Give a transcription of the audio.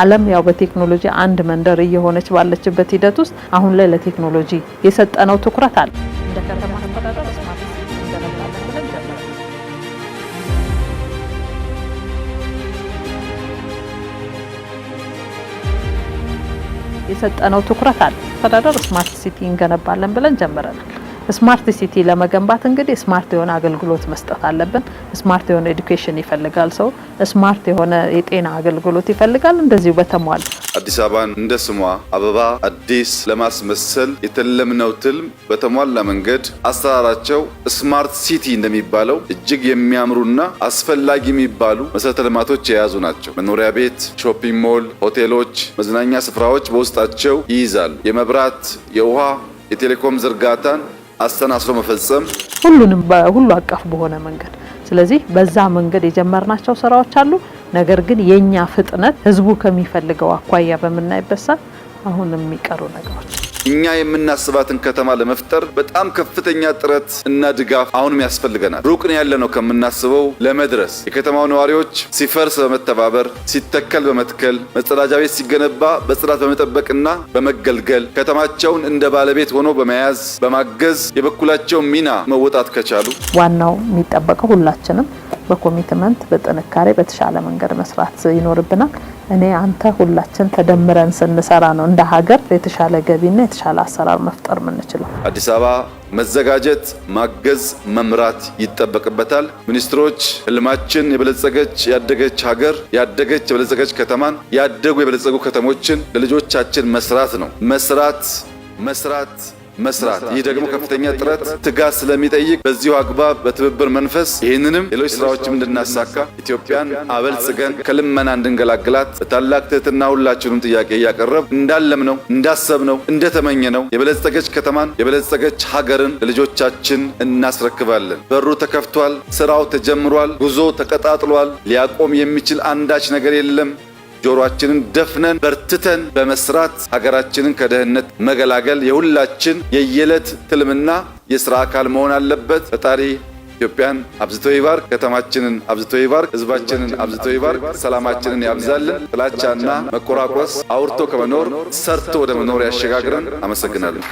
ዓለም ያው በቴክኖሎጂ አንድ መንደር እየሆነች ባለችበት ሂደት ውስጥ አሁን ላይ ለቴክኖሎጂ የሰጠነው ትኩረት አለ። ሲቲ ብለን ጀመረ። የሰጠነው ትኩረት አለ። አስተዳደር ስማርት ሲቲ እንገነባለን ብለን ጀምረናል። ስማርት ሲቲ ለመገንባት እንግዲህ ስማርት የሆነ አገልግሎት መስጠት አለብን። ስማርት የሆነ ኤዱኬሽን ይፈልጋል ሰው፣ ስማርት የሆነ የጤና አገልግሎት ይፈልጋል። እንደዚሁ በተሟል አዲስ አበባን እንደ ስሟ አበባ አዲስ ለማስመሰል የተለምነው ትልም በተሟላ መንገድ አሰራራቸው ስማርት ሲቲ እንደሚባለው እጅግ የሚያምሩና አስፈላጊ የሚባሉ መሰረተ ልማቶች የያዙ ናቸው። መኖሪያ ቤት፣ ሾፒንግ ሞል፣ ሆቴሎች፣ መዝናኛ ስፍራዎች በውስጣቸው ይይዛሉ። የመብራት የውሃ የቴሌኮም ዝርጋታን አስተናስሮ መፈጸም ሁሉንም ሁሉ አቀፍ በሆነ መንገድ ስለዚህ በዛ መንገድ የጀመርናቸው ስራዎች አሉ። ነገር ግን የኛ ፍጥነት ህዝቡ ከሚፈልገው አኳያ በምናይበት አሁን የሚቀሩ ነገሮች እኛ የምናስባትን ከተማ ለመፍጠር በጣም ከፍተኛ ጥረት እና ድጋፍ አሁንም ያስፈልገናል። ሩቅን ያለ ነው ከምናስበው ለመድረስ የከተማው ነዋሪዎች ሲፈርስ በመተባበር ሲተከል በመትከል መጸዳጃ ቤት ሲገነባ በጽዳት በመጠበቅና በመገልገል ከተማቸውን እንደ ባለቤት ሆኖ በመያዝ በማገዝ የበኩላቸውን ሚና መወጣት ከቻሉ ዋናው የሚጠበቀው ሁላችንም በኮሚትመንት በጥንካሬ በተሻለ መንገድ መስራት ይኖርብናል። እኔ አንተ ሁላችን ተደምረን ስንሰራ ነው እንደ ሀገር የተሻለ ገቢና የተሻለ አሰራር መፍጠር የምንችለው። አዲስ አበባ መዘጋጀት፣ ማገዝ፣ መምራት ይጠበቅበታል። ሚኒስትሮች ህልማችን የበለጸገች ያደገች ሀገር፣ ያደገች የበለጸገች ከተማን፣ ያደጉ የበለጸጉ ከተሞችን ለልጆቻችን መስራት ነው። መስራት መስራት መስራት። ይህ ደግሞ ከፍተኛ ጥረት፣ ትጋት ስለሚጠይቅ በዚሁ አግባብ በትብብር መንፈስ ይህንንም ሌሎች ስራዎችም እንድናሳካ ኢትዮጵያን አበልጽገን ከልመና እንድንገላግላት በታላቅ ትህትና ሁላችሁንም ጥያቄ እያቀረብ እንዳለም ነው እንዳሰብነው፣ ነው። የበለጸገች ከተማን የበለጸገች ሀገርን ለልጆቻችን እናስረክባለን። በሩ ተከፍቷል። ስራው ተጀምሯል። ጉዞ ተቀጣጥሏል። ሊያቆም የሚችል አንዳች ነገር የለም። ጆሮአችንን ደፍነን በርትተን በመስራት ሀገራችንን ከደህንነት መገላገል የሁላችን የየዕለት ትልምና የስራ አካል መሆን አለበት። ፈጣሪ ኢትዮጵያን አብዝቶ ይባር፣ ከተማችንን አብዝቶ ይባር፣ ህዝባችንን አብዝቶ ይባር፣ ሰላማችንን ያብዛልን። ጥላቻና መቆራቆስ አውርቶ ከመኖር ሰርቶ ወደ መኖር ያሸጋግረን። አመሰግናለሁ።